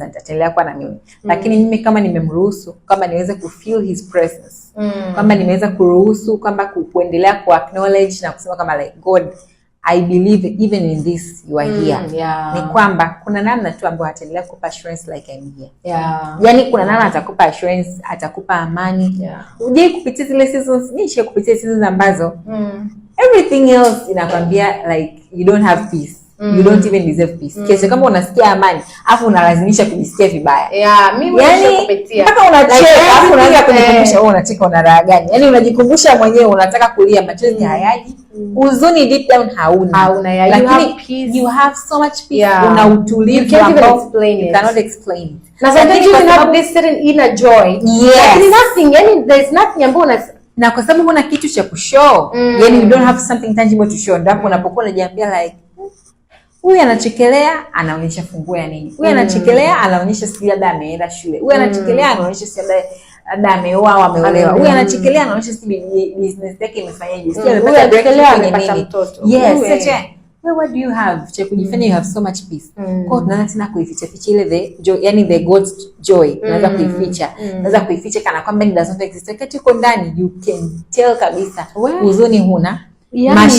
nitaendelea kuwa na mimi mm. lakini mimi kama nimemruhusu kwamba niweze ku feel his presence mm. kwamba nimeweza kuruhusu kwamba kuendelea ku acknowledge na kusema kama like God I believe even in this you are mm, here. yeah. Ni kwamba kuna namna tu ambayo ataendelea kukupa assurance like I'm here. Yeah. Yaani kuna namna atakupa assurance, atakupa amani. Yeah. Uje kupitia zile seasons, ni niishe kupitia seasons ambazo mm. everything else inakwambia like you don't have peace mm. you don't even deserve peace mm. Kesho kama unasikia amani afu unalazimisha kujisikia vibaya yeah, mimi yani, kupitia mpaka unacheka like, afu unaanza kujikumbusha wewe unacheka una raha gani? Yani unajikumbusha mwenyewe unataka kulia, machozi mm. hayaji mm. uzuni deep down hauna, hauna ya, lakini you have peace. You have so much peace yeah. Una utulivu, you can't even explain it, you cannot explain it, na sometimes you have this certain inner joy yes. like nothing yani there's nothing ambayo una na kwa sababu huna kitu cha kushow mm. Yani you don't have something tangible to show, ndipo unapokuwa unajiambia like huyu anachekelea anaonyesha funguo ya nini, huyu anachekelea mm. anaonyesha sijui labda ameenda shule, huyu anachekelea mm. anaonyesha sijui labda ameoa ameolewa, huyu anachekelea anaonyesha sijui business yake imefanyaje, sijui mm. amepata breakthrough kwenye nini. Yes, Well, what do you have cha kujifanya, you have so much peace mm. Kwao tunaanza tena kuificha ficha ile the joy, yani the God's joy unaweza kuificha unaweza kuificha kana kwamba it does not exist, wakati uko ndani you can tell kabisa, huzuni huna yani,